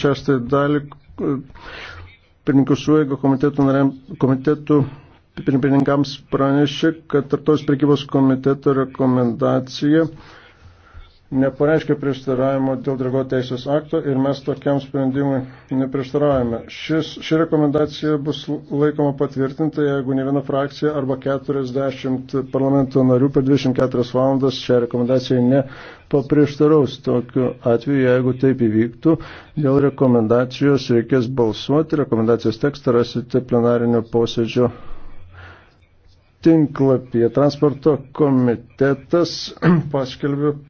šeštą dalį pirmininkų suveigo komitetų, nariam, komitetų pirmininkams pranešė, kad tartos prekybos komiteto rekomendacija nepareiškia prieštaravimo dėl drago teisės akto ir mes tokiam sprendimui neprieštaravome. Šis, ši rekomendacija bus laikoma patvirtinta, jeigu ne viena frakcija arba 40 parlamento narių per 24 valandas šią rekomendaciją nepaprieštaraus. Tokiu atveju, jeigu taip įvyktų, dėl rekomendacijos reikės balsuoti. Rekomendacijos tekstą rasite plenarinio posėdžio tinklapyje. Transporto komitetas paskelbiu.